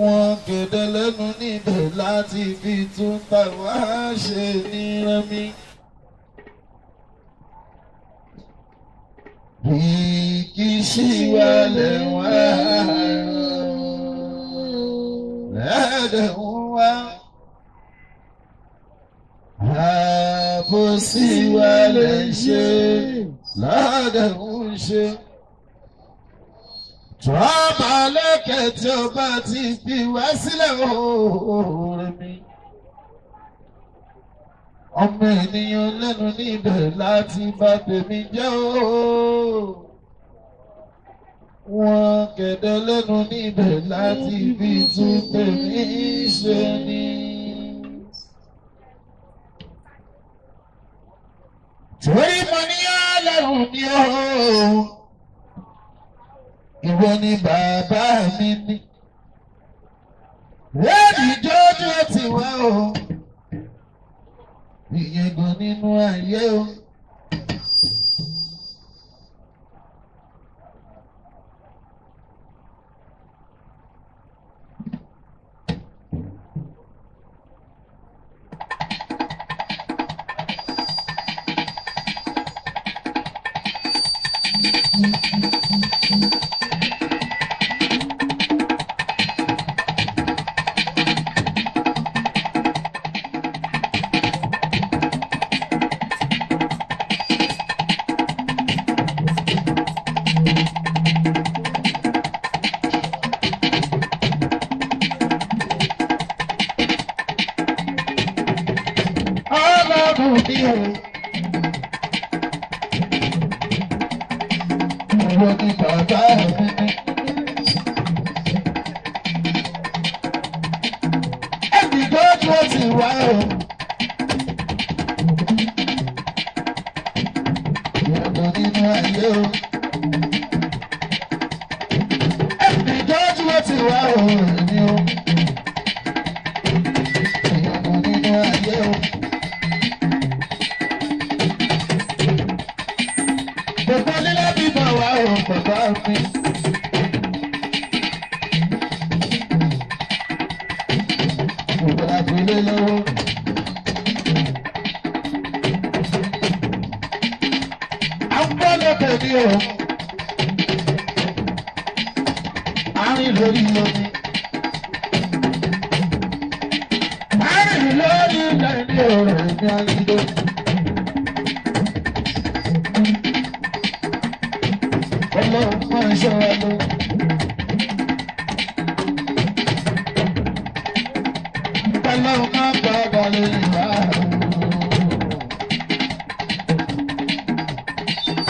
wọn gèdè lẹ́nu níbẹ̀ láti fi tún tàwa ṣe nírẹ́mí. Ìkí sí wa lè wá lẹ́dẹ̀ ń wá. Àbòsí wa lè ṣe lọ́dẹ̀ ń ṣe. Tọ́ba lẹ́kẹ̀ tí o bá ti fi wá sílẹ̀ oore mi. Ọmọ ènìyàn lẹ́nu níbẹ̀ láti bá tèmi jẹ́ ooo. Wọ́n kẹ̀dẹ̀ lẹ́nu níbẹ̀ láti fi tún tèmi ṣe ni. Torí mo ní ọlọ́run ni ó ìwọ ni bàbá mi ní. Lẹ́ẹ̀dì jọ́jọ́ tiwa o, ìyẹn gan nínú ayé o.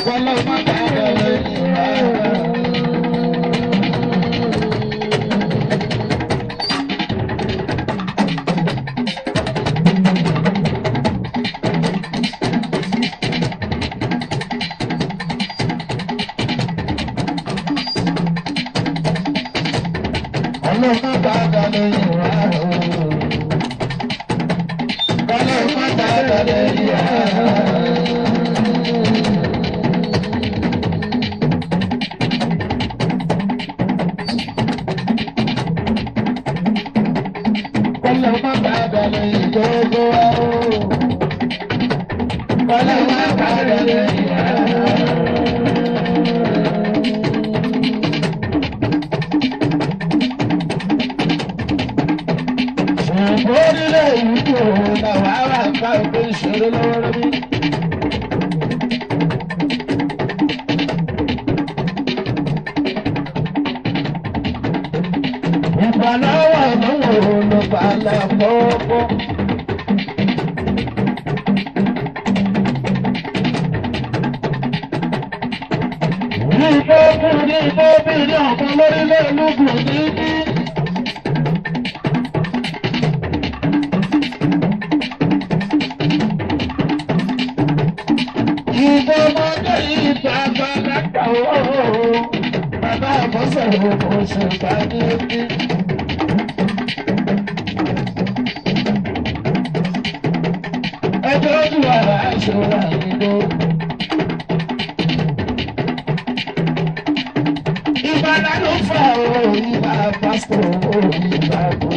ọ̀pọ̀lọpọ̀ máa bá ọ̀rọ̀ ìwà. ìbọmọdé yìí bàbá dákà ó bàbá àbọ̀sẹ̀ ò kò ṣe bá ní bí. ẹjọ́ ojú ara ìṣòro àìló. ìbàdàn ló fà ó ìbá pásítọ̀ ó ìbá bò.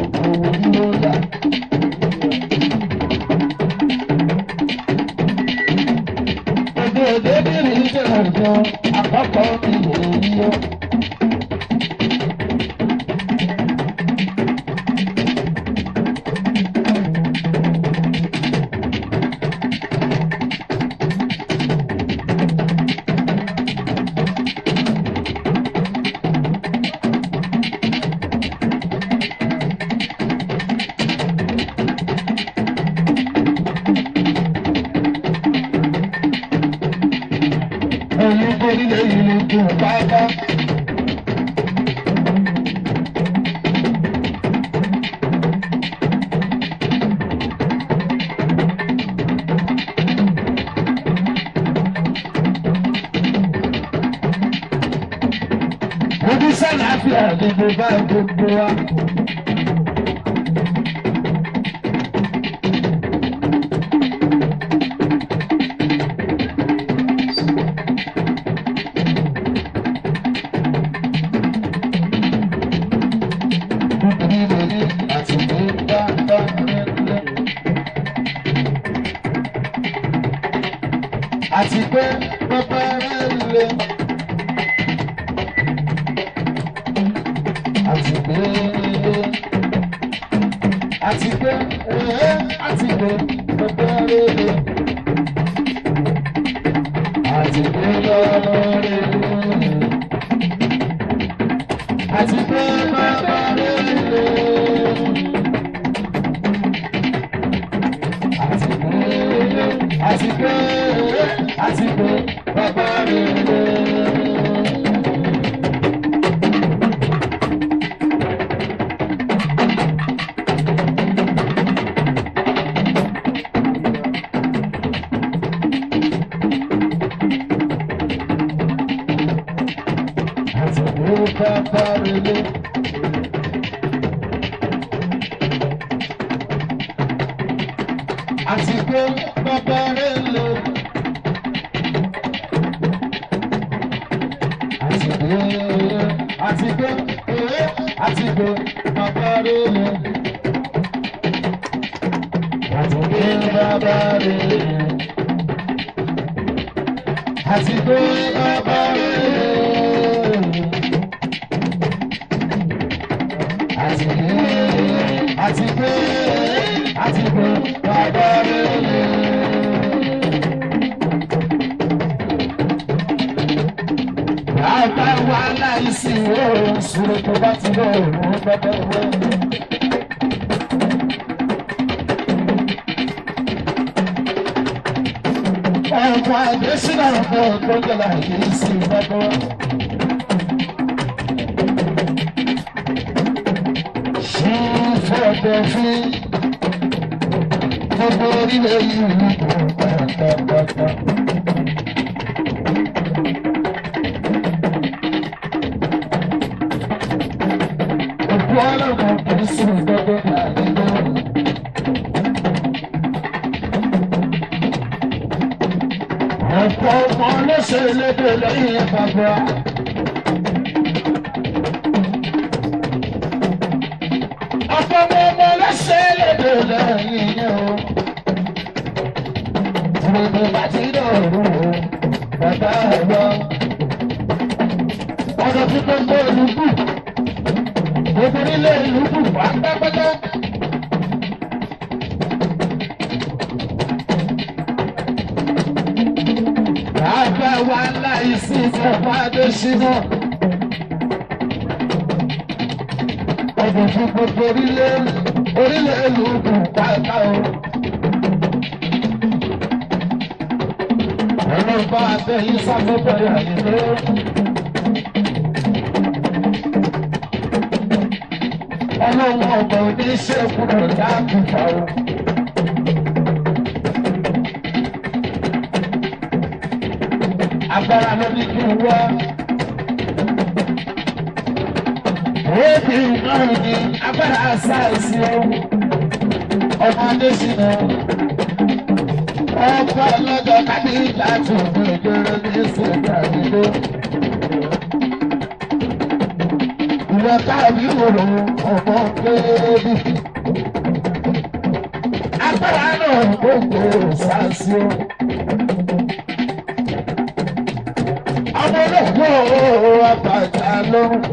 àti pé àti pé bàbá rẹ̀ lè. Àgbà wa láìsí òun sùúrù tó bá ti lọ òun bẹ́ẹ̀ wẹ́. Ọ̀pọ̀ àdéṣínà ọ̀pọ̀ tó jẹ́ láìsí ìbẹ́ẹ̀ wẹ́. sọ fún gbogbo orílẹ̀ yìí pátápátá. òkú ọlọ́run kò sí gbogbo àdúgbò. ọ̀pọ̀ ọmọ ọlọ́sẹ̀ ṣínà ọ̀bùn fún gbogbo orílẹ̀ orílẹ̀ èlò ògùn pátá o. ọlọ́run bá abẹ́yìn sábẹ́bẹ́ àyẹ̀lẹ́. ọlọ́run ọ̀gbà oníṣẹ́ kúrò láàbùkà o. agbára ló ní kí n wá. èébì márùn ní agbára sáàsì o ọmọ adésínà ọkọ ọlọ́jọ́ kábí láti òkú ìjọba ní ìṣèjọba àdúgbò. ìwọ káàbí òrò ọmọ kéèdì. agbára náà kò kò sáàsì o. ọmọ olóògbé ọ̀ọ́ àgbàjà lọ́rùn.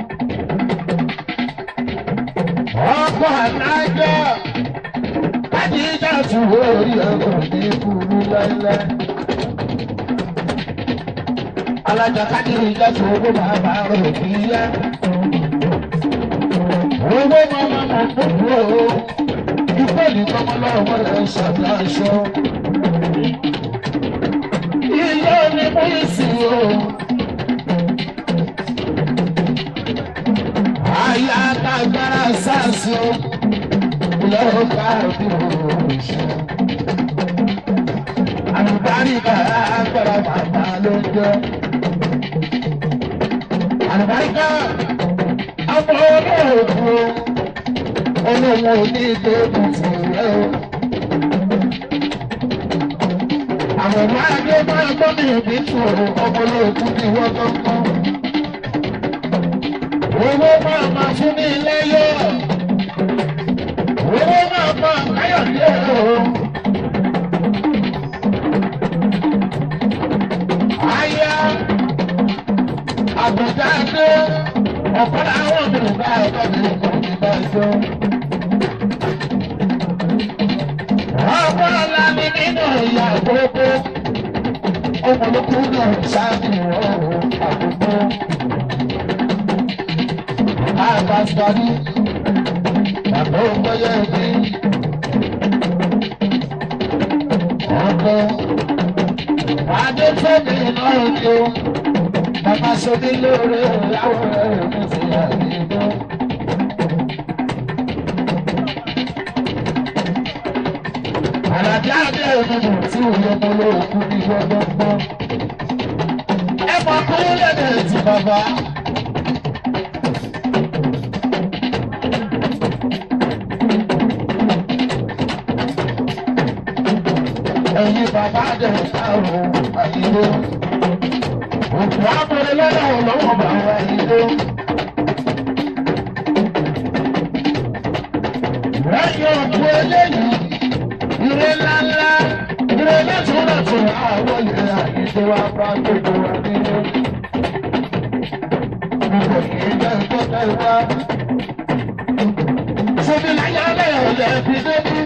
ọmọ àtàjọ láti ìjà ṣùgbọ́n orí ọkọ̀ ní kúrú láíláí. alájà kájí ìjà ṣùgbọ́n bàbá rẹ̀ kì í yá. owó mọ́mọ́ mọ́ gbogbo o ikú ènìyàn ọmọlọ́wọ́ rẹ̀ ń ṣàtàṣọ. ilé onímọ̀ ìsìn o. sars o lọ́wọ́ bá bí òun ṣe. àlùbáríkà agbára bàbá ló ń jọ. àlùbáríkà àwọn olóògùn olóhùn onílé tuntun rẹ o. àwọn ọmọ agbẹ́ máa gbọ́ mi ìbí tòun ọmọ olóògùn ni wọ́n owó máa ma fún ní láyọ̀ owó máa ma káyọ̀dé o. àyà àbùdá dé ọ̀pọ̀ àwọn obìnrin bá ọ̀pọ̀ mi kò ní bá ṣe. ọkọ̀ ọ̀la mi nínú ìyá àgbókò ọmọlókùnrin náà ṣáà ní ọ̀rọ̀ àgbókò máa bá darí bàbá ògbóyè bí ọkọ adéfẹ́mi lọ́rùn ni ó bàbá sọ́dí lóore ìyàwó rẹ̀ ló ti yà ní igbó. àlàbí àbí ẹ̀rọ tí òye mo lóòkú ní gbọ́gbọ́gbọ́ ẹ̀ mọ̀ kúrú lẹ́nu ẹ̀ ti bàbá. bàbá àdẹ̀ta ò àyílé. Òkú àpẹẹrẹ lọ́dọ̀ Lẹ́yìn ọ̀lẹ́ fi débí.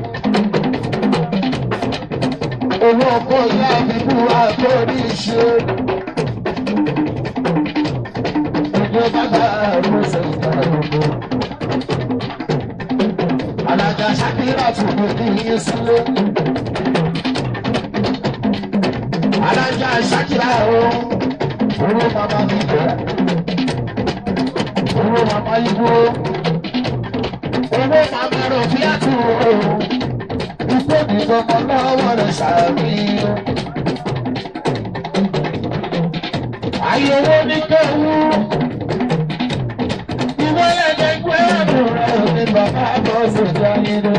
owó ọkọ ìyá mi búra tó ní ṣe. Ìjọba bàbá àrùn ṣẹ̀dá gbogbo. Alága Ṣakira tún kò ní í sílé. owó ní kéwú. Ìmọ̀lẹ̀ ní gbé ẹ̀rù rẹ̀ ní bàbá àbọ̀sùn jọ nínú.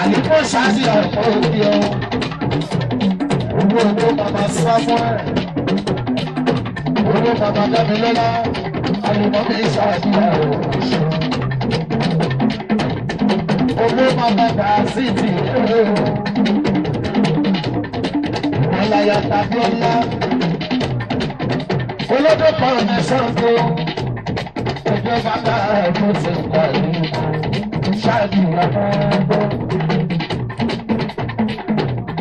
Àdìpọ̀ ṣáàṣì ọ̀pọ̀ òbí ọ̀hún. Owó owó bàbá sá fún ẹ̀rẹ̀. Owó bàbá dábì lọ́lá. Àlùmọ́bí ṣáàṣì ọ̀pọ̀ òṣù. Owó bàbá dàásì tì í àlàyà tàbí ńlá. olódò kan ní Ṣàngó ẹjọ́ bàbá ẹ̀kọ́ ti wà ní ṣáàbì àbábọ́.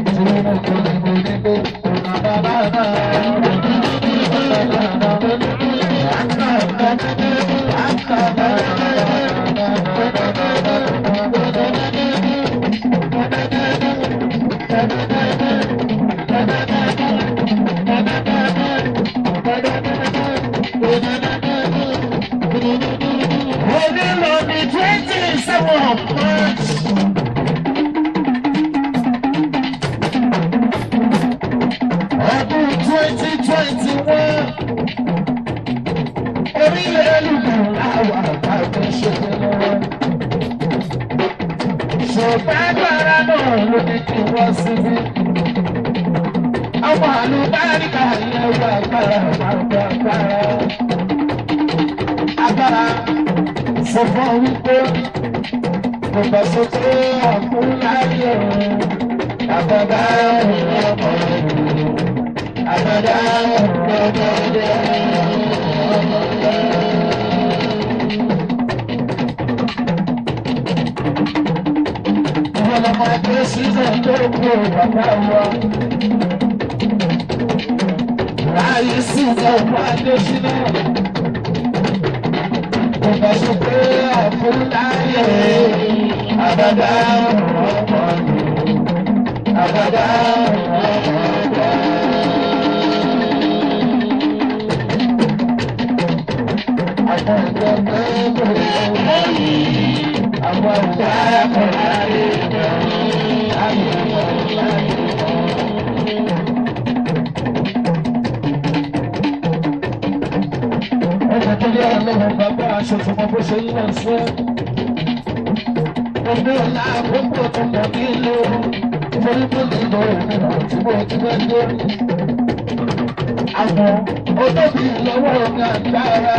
Tinubu kò ní mo nílé ọ̀nà bàbá náà. Thank you. òní lọ ní twenty seven march. ọdún twenty twenty one orílẹ̀ èlùbọ̀ làwọn àgbàgbé ṣe lọ́wọ́. ṣùgbọ́n agbára náà ló ní kí wọ́n síbí. àwọn àlùbáríkà yẹn wà gbára gbára gbára agbára sọ fún ọ wípé bàbá sọtẹ àkúnláyé àbàbà ìlú ọkùnrin àbàdà ọmọdé ọmọdé. Ìwọ̀n ọmọ ẹgbẹ́ sísè àkùnbà tó gbé àkúndáyé àbádá àbádá. Àkùnbà tó gbé àwọn ọ̀gá àkùndáyé àmì ọ̀gá. Thank you aṣọ tí mo bó ṣe yí náà sí. Omi ọ̀la àkókò tó mọ̀ ní ilé o, nítorí pé mi lọ òmìnira tí mo ti fẹ́ dé. Àwọn olóbì lọ́wọ́ mi àgbára,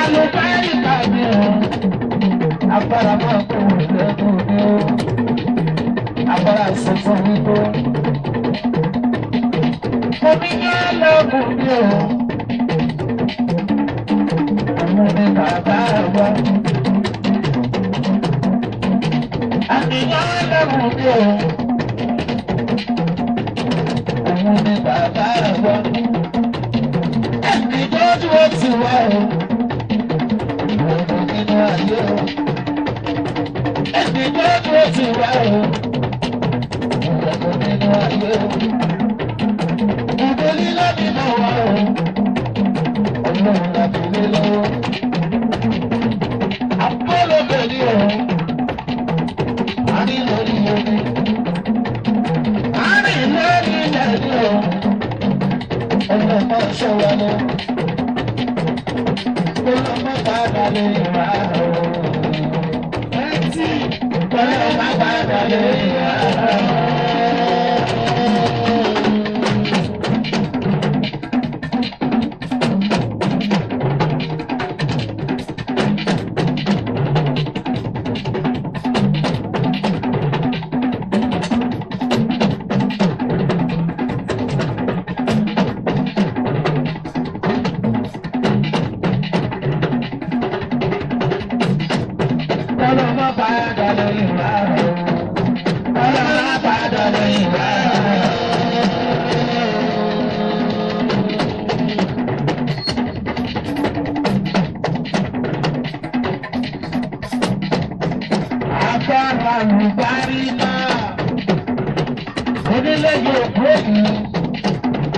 àlùbáríkà mi o, agbára máa kó ìlẹ́kùn mi o, agbára sọ̀tún mi tó. Omi ní àlọ́ òkú mi o. Thank you.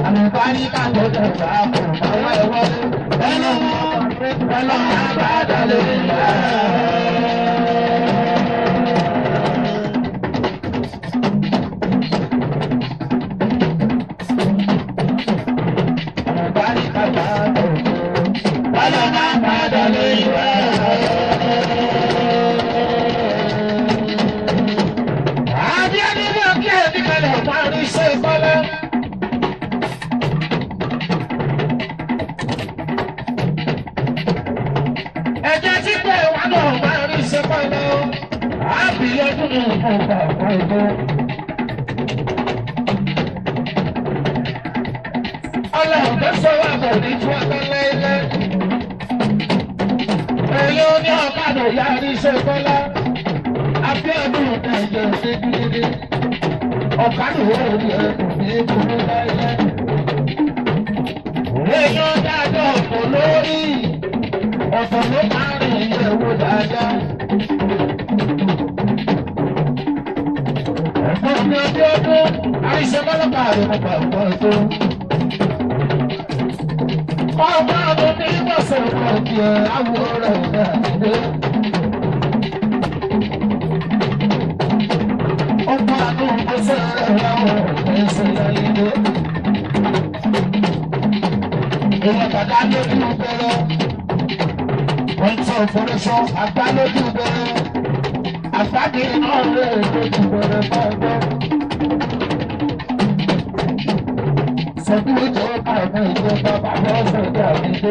àlùfáàní kàńtó tẹ̀sà kù ọwọ́ ẹ̀wọ́ ẹlọ́mọ ẹlọ́mọ àbádọ́lé ìyá. òfurufú àgbálójú gbẹrẹ àgbàdì ọ̀rẹ́ ìgbẹ́jú gbẹrẹ bọ́ọ̀dọ́. sọ́kúrú tó bá ọmọ ìjọba bàbá ọ̀sẹ̀ dàbí dé.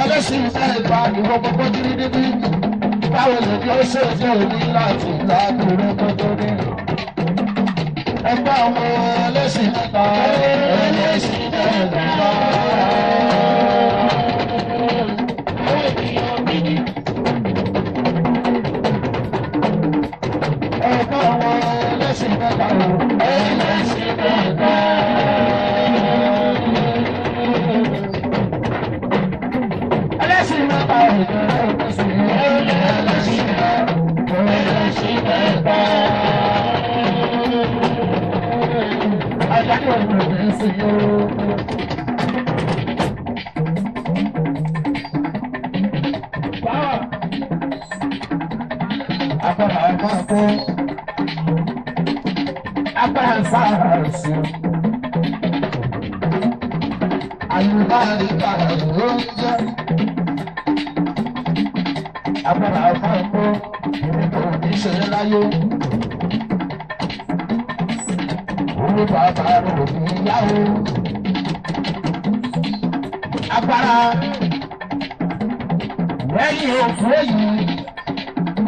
ẹlẹ́sìn iṣẹ́ ìpa ìwọ gbogbo kiri níbí táwọn èèyàn ó ṣe èdè òní láti ìta kúrú gbogbo ní. ẹgbẹ́ àwọn ẹlẹ́sìn ìta ẹlẹ́sìn ìta. ẹgbẹ́ àwọn ẹlẹ́sìn ìta ẹlẹ́sìn ìta. lásìkò. Báwa agbára máa kó agbára sára sí. Àlùbáríkà ló ń jẹ́ agbára máa kó nípa ìṣẹ̀lẹ̀ láyé. Olúbàbá rò ó dá o. agbára lẹ́yìn oṣù èyí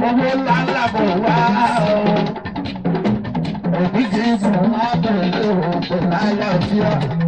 owó ńlá ńlá bò wá o. òbí jésù máa bẹ̀rẹ̀ lé òkè láyà òṣìṣẹ́.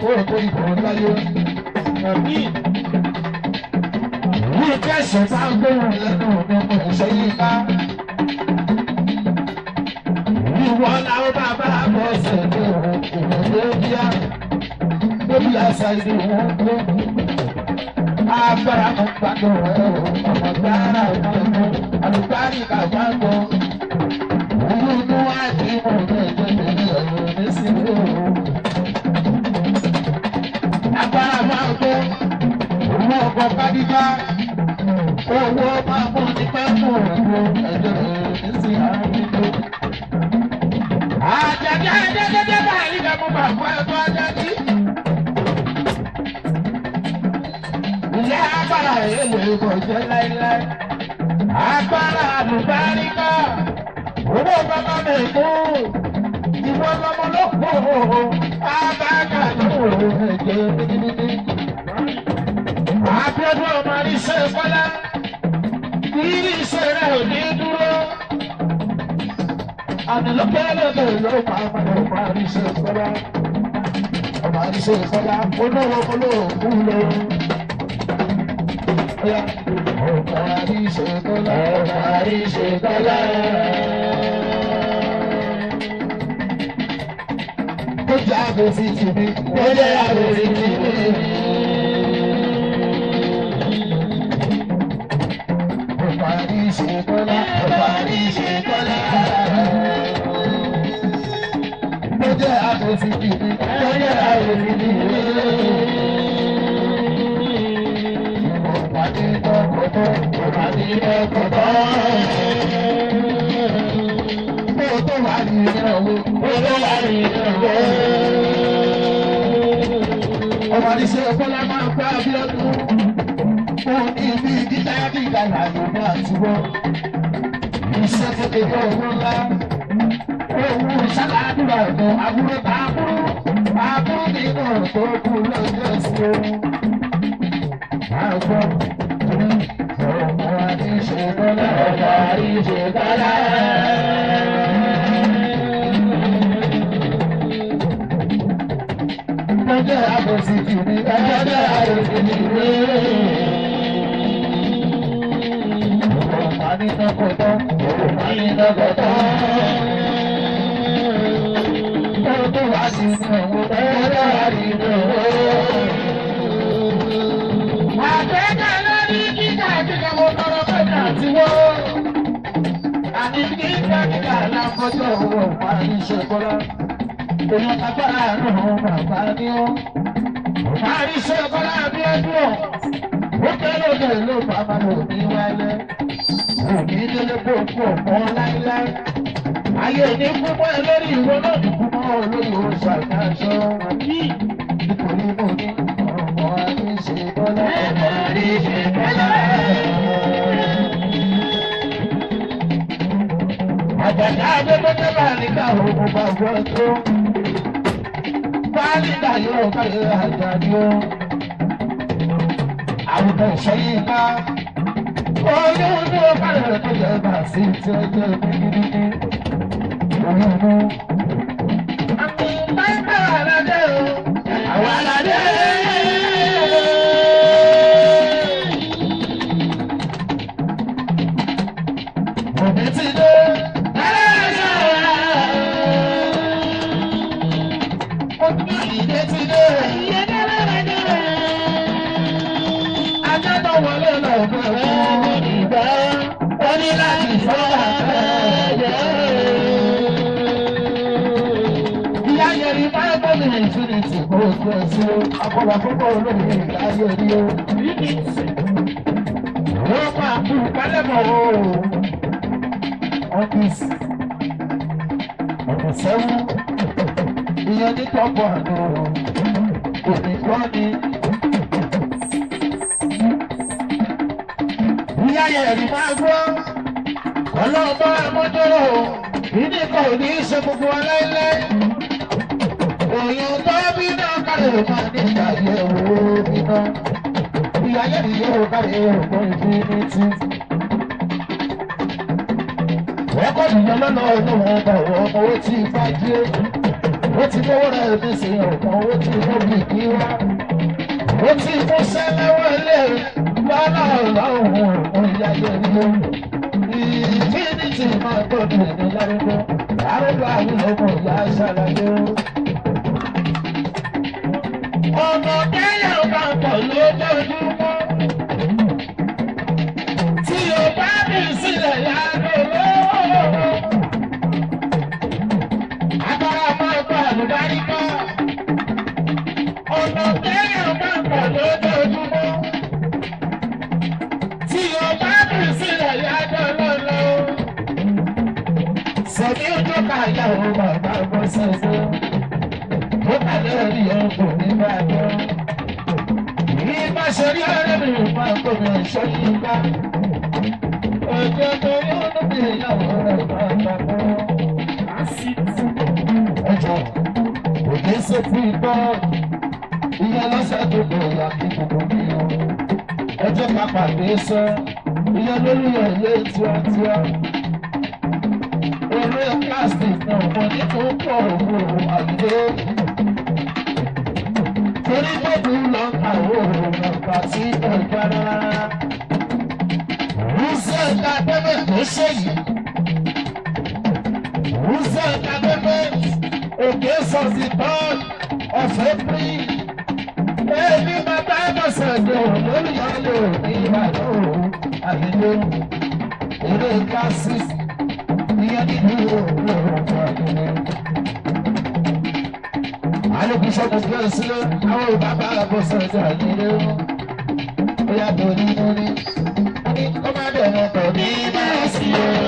kóòrè kó ìbọn láyé ẹ̀mí ní kẹsàn-án tá a gbóhùn lẹ́nu mi kò sẹ́yìn ká. ìwọ làwọn bàbá bọ̀ sẹ́yìn òun kò mọ̀ lébíà lórí àṣà ìlú wọn kó. agbára kan gbàgbọ́ ẹ̀rọ ọ̀gbára ọ̀gbọ́n àlùbáríkà gbàgbọ́. òun ni wọ́n á ti mọ̀ ní. ọkọ̀ kádìjà owó máa fún ní pẹ́ẹ́pù ẹ̀jẹ̀ rẹ̀ sí àárín. àjàjà ẹ̀jẹ̀jẹ̀jẹ̀ báyìí lè mú bàbá ẹ̀kọ́ ajẹ́jì. ilé agbára èlé kò jẹ́ láíláí. agbára àlùbáríkà owó bàbá mi kú ìwọ lọmọ ló kú. abáka ló wò ó ẹ̀jẹ̀ dídídí. Abíọ́dún ọmọ iṣẹ́ Kọ́lá ìrírí iṣẹ́ rẹ̀ ò ní dúró. Àmì ló pẹ́ lọ́dọ̀ ìlú pàápàá ọmọ iṣẹ́ Kọ́lá. Ọmọ iṣẹ́ Kọ́lá olówó olóòkú lọ. Ọmọ iṣẹ́ Kọ́lá ọmọ iṣẹ́ Kọ́lá. Ó jẹ́ àbòsí tìbí, ó jẹ́ àbòsí tìbí. ṣe kọ́lá. Bàbá mi ṣe kọ́lá. Mo jẹ́ àfòsíkì, mo jẹ́ àfòsíkì. Mo pàdé tọkọtọ, mo pàdé tọkọtọ. Mo tó wà ní ìrànwọ́, mo tó wà ní ìrànwọ́. Ọmọdé ṣe kọ́lá máa ń pa Abíọ́dún ìlú ibi gíga gíga làwọn máa ti wọ́. Iṣẹ́ kékeré owó ńlá. Owó ṣáláàdúrà ọ̀dọ̀ àbúrò bàbúrò. Bàbúrò nínú ọ̀dọ́ kú lọ́jọ́ sí o. Máa gbọ́ ọmọ àdìsẹ́ dọ́là ọmọ àdìsẹ́ dọ́là. Lọ́jọ́ àbòsí kìíní, lọ́jọ́ àbòsí kìíní. ní tọkọtọ ní tọkọtọ. Tọ́lú tó wá sí inú ẹ̀wọ̀n tọ́lú tó wá sí inú ẹ̀wọ̀n. Àtẹ́jọ́ lórí kíkà kíkà mo tọrọ pẹ̀lú àtiwọ́. Àní kíkà kíkà lápọ́jọ́ ọ̀. Ó kéré òde ìlú bàbá mi ní wáyé kò ní délé kó kú ọ̀pọ̀ láíláí. Ayé ní púpọ̀ ẹ lórí ìwọ náà ní púpọ̀ olóyè oṣù àtàṣọ àbí nítorí mo ní ọmọ àdéṣe bọ́lá ọmọ àdéṣe bọ́lá. Àgbàdo abẹ́gbẹ́dẹ́ bá nígbà òun bá gbọ́ tó. Báyìí nígbà yóò fẹ́ àgbàdo. Àwùjọ ìṣẹ́yìn bá. Oh, you bá I'm gonna yẹ bá sí tí ó Akọ̀wà púpọ̀ olóògbé ìgbàlódé rí o. Wọ́n máa kú kálẹ̀mọ̀ o. Ọ́fíìsì. Ọ̀pọ̀ sẹ́wọ́n. Ìyẹn ní tọ́pọ̀ àná. Òní kọ́ ni. Ìyá yẹ̀rì máa gbọ́ ọlọ́ọ̀bá ẹmọ́jọ́rò ìdí kan ò ní í ṣe gbogbo aláìlẹ́ òyìn tó bí náà kárẹ̀ ò máa ní ìyàyẹ̀ òwò iná ìyàyẹ̀ ìyẹ́ ò kárẹ̀ ò kọ́ ìfinitì. wọ́n kọ́ ìyẹn lọ́nà olóhùn ọgbà wọ́n owó tí ifá jí ó ti lówó rẹ̀ ní sí ọ̀kan owó tí ó bì kí wá ó ti fún sẹ́lẹ̀wọ̀ ilé lọ́nà ọ̀la òun ìyàyẹ̀ ìyẹ́ òwò sì máa tó kìnìún lárúgbó lárúgbó ayé ọmọ ìyá ṣàlàyé. ọmọ kẹ́yà bá pọ̀ lójoojú. sẹ̀mí tó kàjà òun bàbá gbọ́ sẹ́sẹ́ tó kàlẹ́ orí ẹ̀ kò ní bá gbọ́. Ní bá ṣe rí ọ̀rẹ́ mi ò máa kó mi ṣe ní bá. Ọjọ́ tó yóò lóde ìyàwó rẹ̀ máa bá gbọ́. Ẹjọ́ plastic náà mo ní tó pọ̀ òwúrò àdúgbò. torí gbogbo lọ ta òwúrò nàgbà tí kò gbà rárá. rúṣẹ́ ta pẹ́pẹ́ tó ṣe yìí. rúṣẹ́ ta pẹ́pẹ́ òkè sọ̀sì tán ọ̀fẹ́ pírí. ẹni máa bá bàṣẹ̀ jọ lórí àlè òní ìbàdàn òun àdúgbò. eré ká sísè. ìṣẹ́gun bí òṣìlẹ̀ àwọn ìbá bá àbò sọ̀tọ̀ nílé ó yàtọ̀ nínú ní. ó má dẹ̀ mọ́tò ní máa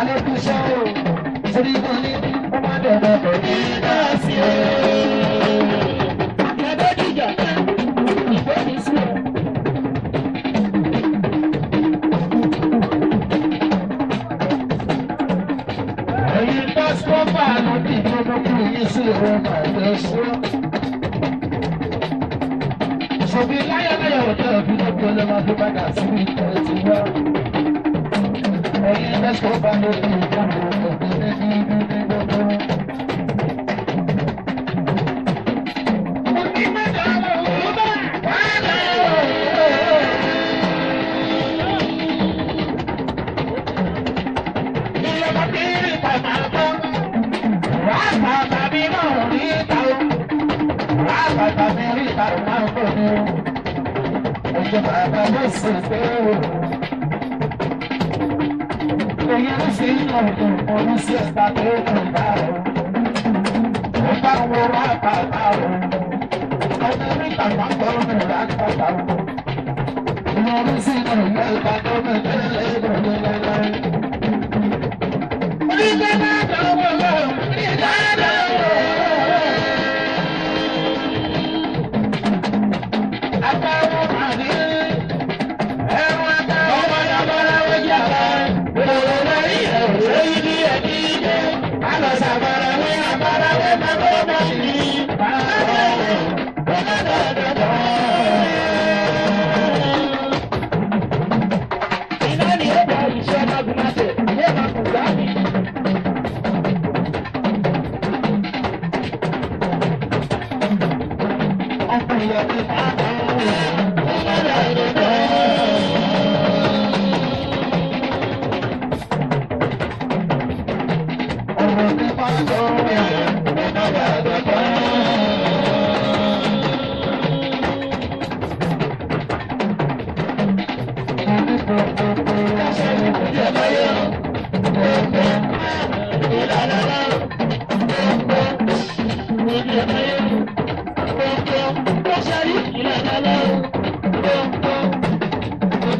Alekusa o, ìṣèlú ìgbọ̀n ní ọmọdé ọmọdé ní Dásí o. sí ìwé pàdé sí. Ìṣòbí láyọ̀láyọ̀ ọ̀dọ́ òbí lọ́gbọ́n ló máa fi padà sí ìtọ́ ti wá. Ẹ̀yin bàbá òní ẹ̀jẹ̀ bàbá ló sì pé o. Oyè ló fi ń lọ dùn orí sí ẹ̀ka tó dùn bá o. Ó bá wo wá bàbá o. Ọjọ́ rí bàbá tó ń rìn rà bàbá o. Ìmọ̀ orí sí ìlú ẹ̀ka tó ń rìn lẹ́lẹ́dùn lẹ́lẹ́dùn. Orí bẹ́ẹ̀ náà.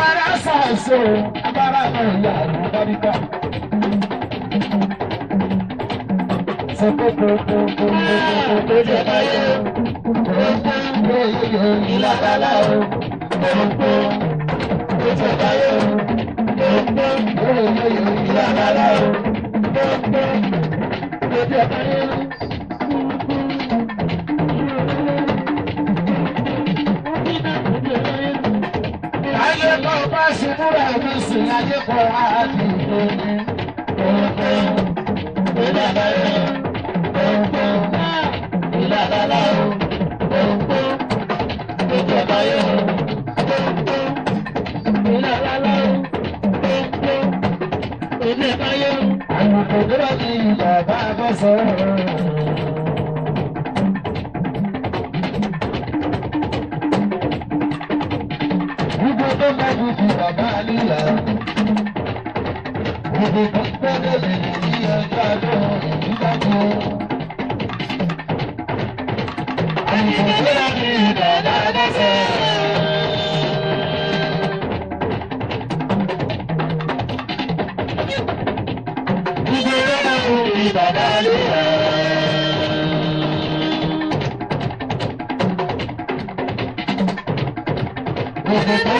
abara ṣàṣọ abara náà yà ní báríkà. sọ pé kókókókókó tó jẹ báyé kókó yóyóyó ìlàkàlà o kókó tó jẹ báyé kókó yóyóyó ìlàkàlà o kókó tó jẹ báyé. ṣe múra mi sùn ní ajé kọ àti ìgbóni. Ìlà láyé ọ̀pọ̀ náà ìlà láláwo ọ̀pọ̀ gbogbo àbáyé ọ̀pọ̀ ìlà láláwo ọ̀pọ̀ ilé báyé ọ̀pọ̀ tó bá ti ìlà bá a bọ̀ sọ̀rọ̀. nílà. Ibi tó gbọ́dọ̀ lè lè ní ẹjọ́ àdúrà ìlú dájú. Àyìnbó lọ́la ní ìdàdá dẹ́sẹ̀. Ibi lọ́la ní ìdàdá nílà. Thank you.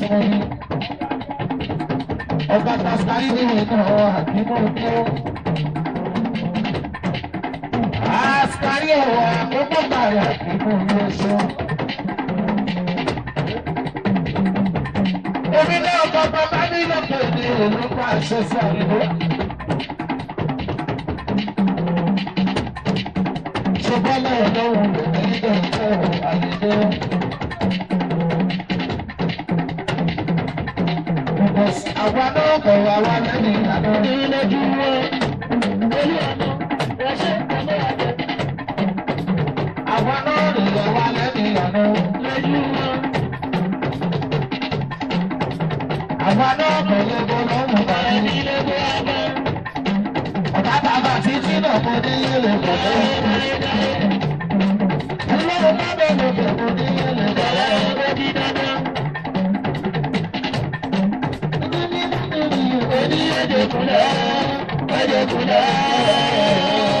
sẹ́yìn. ọba tasari ní ìlú ọ̀rọ̀ àbíkú tó. àṣkárí ọ̀rọ̀ àkókò bàrẹ̀ àbíkú ló ṣó. omi náà kọ́kọ́ bá ní lọ́pọ̀ èdè ìlú kó àṣẹ sí àdúgbò. ṣùgbọ́n náà lọ́wọ́ ìdílé ìjọba àdìdé. àwa náà kọ̀ àwa lẹ́nu ìlànà ní lójú wọn. olú ọ̀nà wọ́n ṣe ìpamọ́ wa jẹ. àwa náà nìyẹn wa lẹ́nu ìlànà lójú wọn. àwa náà kọ̀ lóko lọ́mù bàrẹ̀ ní lóko àbá. ọ̀tá Ẹ̀jẹ̀ kúnlẹ̀, ẹ̀jẹ̀ kúnlẹ̀.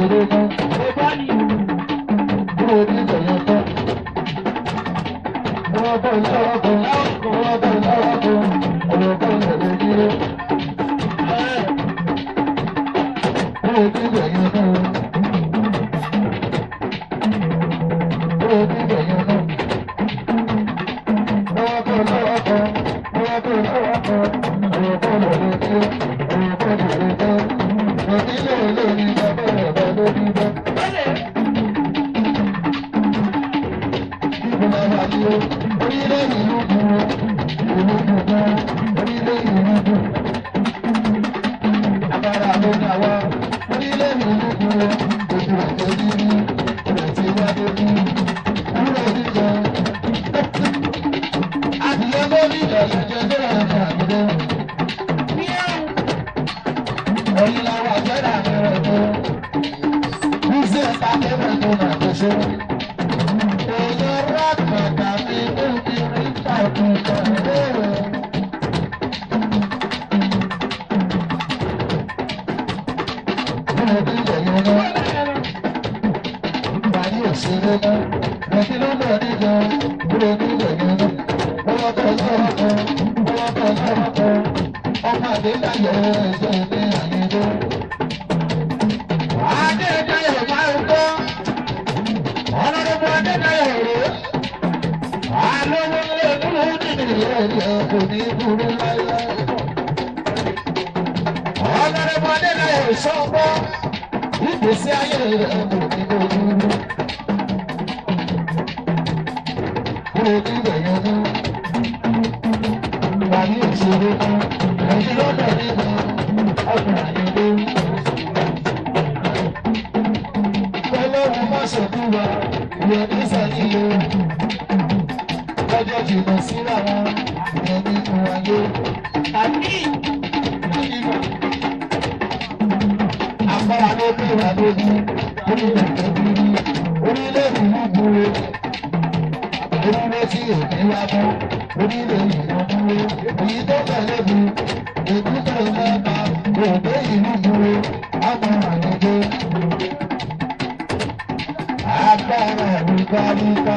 Thank you. agbára mi kárí ká.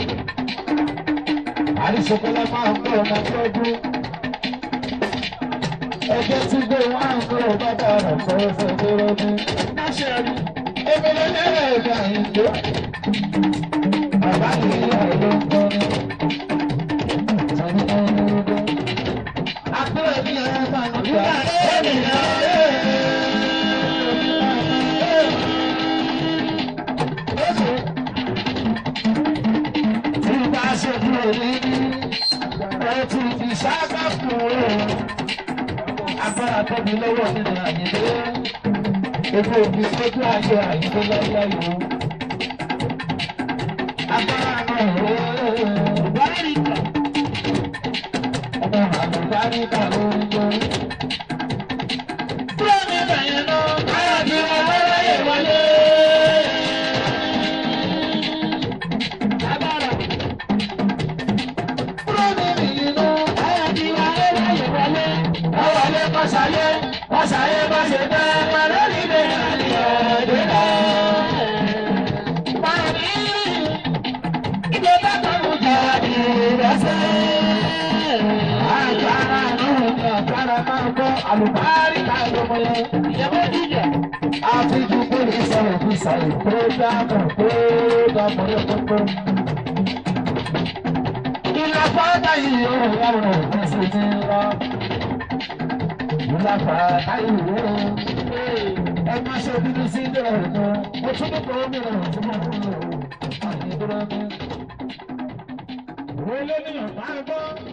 ìṣọ̀kọ́lá máa ń pọ̀ ọmọ tí ó dún. ẹgbẹ́ tí gbé wá ń lọ bàbá rẹ̀ fọ́fọ́ tó rọ́bí. má ṣe rí ebele lẹ́rẹ̀ ẹ̀dá ìjọ. bàbá mi yà ló ń kọrin. tani ẹni ló dé. àpẹẹrẹ mi yẹn bá ń gbà. sábà kù ó agbára tóbi lọ́wọ́ nínú àyíndé ebi òbí sójú ayé àyíndé láíláí o agbára náà ó bárìkà ọmọ àlùbáríkà lórí lórí. ìsàlẹ̀ tó dáàbò tó dáàbò ní pínpín. ìlà fàáta yìí ó rẹ̀ yàrá rẹ̀ kún sí ní lọ. ìlà fàáta yìí ó ẹgbẹ́ ṣe bíbí sí ilé rẹ̀ kan ó tún ní kọ́ mi rẹ̀ tí mo fún un lò ó àti ìdúró mi. ìwé lónìí ọ̀pá ẹgbọ́n.